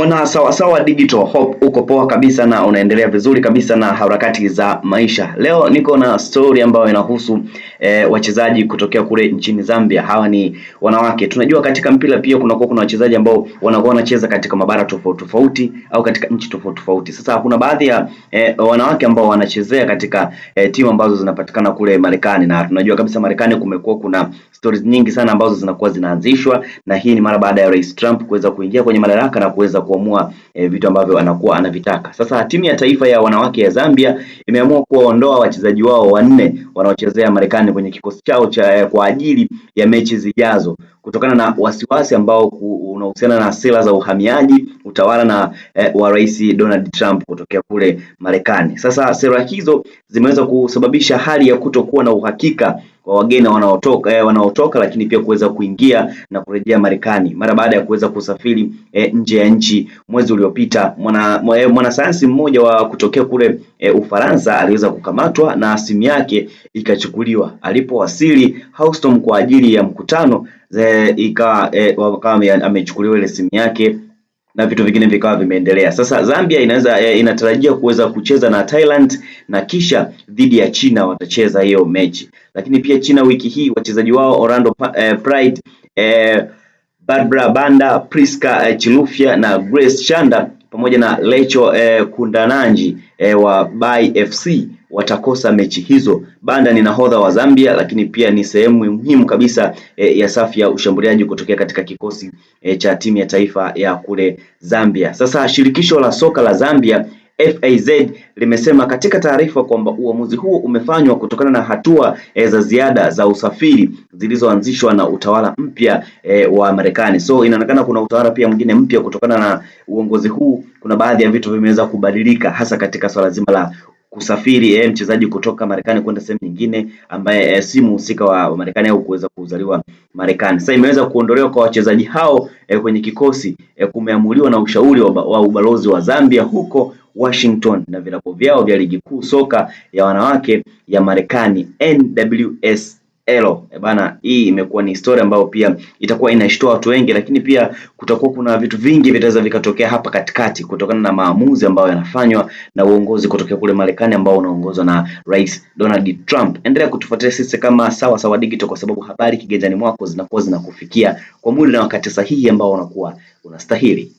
Mwana sawa sawa digital hope, uko poa kabisa na unaendelea vizuri kabisa na harakati za maisha. Leo niko na story ambayo inahusu e, wachezaji kutokea kule nchini Zambia. Hawa ni wanawake. Tunajua katika mpira pia kunakuwa kuna wachezaji ambao wanakuwa wanacheza katika mabara tofauti tofauti au katika nchi tofauti tofauti. Sasa kuna baadhi ya e, wanawake ambao wanachezea katika e, timu ambazo zinapatikana kule Marekani, na tunajua kabisa Marekani kumekuwa kuna stories nyingi sana ambazo zinakuwa zinaanzishwa, na hii ni mara baada ya Rais Trump kuweza kuingia kwenye madaraka na kuweza kuamua e, vitu ambavyo anakuwa anavitaka. Sasa timu ya taifa ya wanawake ya Zambia imeamua kuwaondoa wachezaji wao wanne wanaochezea Marekani kwenye kikosi chao cha eh, kwa ajili ya mechi zijazo kutokana na wasiwasi ambao unahusiana na sera za uhamiaji, utawala na e, wa Rais Donald Trump kutokea kule Marekani. Sasa sera hizo zimeweza kusababisha hali ya kutokuwa na uhakika kwa wageni wanaotoka eh, wanaotoka lakini pia kuweza kuingia na kurejea Marekani mara baada ya kuweza kusafiri eh, nje ya nchi. Mwezi uliopita eh, mwanasayansi mwana mmoja wa kutokea kule eh, Ufaransa aliweza kukamatwa na simu yake ikachukuliwa alipowasili Houston kwa ajili ya mkutano eh, ika eh, amechukuliwa ile simu yake na vitu vingine vikawa vimeendelea. Sasa Zambia inaweza eh, inatarajia kuweza kucheza na Thailand na kisha dhidi ya China watacheza hiyo mechi. Lakini pia China wiki hii wachezaji wao Orlando eh, Pride eh, Barbara Banda, Priska eh, Chilufya na Grace Chanda pamoja na Lecho eh, Kundananji eh, wa Bay FC watakosa mechi hizo. Banda ni nahodha wa Zambia, lakini pia ni sehemu muhimu kabisa e, ya safu ya ushambuliaji kutokea katika kikosi e, cha timu ya taifa ya kule Zambia. Sasa shirikisho la soka la Zambia FAZ limesema katika taarifa kwamba uamuzi huo umefanywa kutokana na hatua e, za ziada za usafiri zilizoanzishwa na utawala mpya e, wa Marekani. So inaonekana kuna utawala pia mwingine mpya kutokana na uongozi huu. Kuna baadhi ya vitu vimeweza kubadilika, hasa katika swala zima la kusafiri eh, mchezaji kutoka Marekani kwenda sehemu nyingine ambaye eh, si mhusika wa Marekani au kuweza kuzaliwa Marekani. Sasa imeweza kuondolewa kwa wachezaji hao eh, kwenye kikosi eh, kumeamuliwa na ushauri wa, wa ubalozi wa Zambia huko Washington na vilabu vyao vya ligi kuu soka ya wanawake ya Marekani NWSL. E bana, hii imekuwa ni historia ambayo pia itakuwa inashtua watu wengi, lakini pia kutakuwa kuna vitu vingi vitaweza vikatokea hapa katikati kutokana na maamuzi ambayo yanafanywa na uongozi kutokea kule Marekani ambao unaongozwa na Rais Donald Trump. Endelea kutufuatilia sisi kama Sawa Sawa Digital, kwa sababu habari kiganjani mwako zinakuwa zinakufikia kwa muda na wakati sahihi ambao unakuwa unastahili.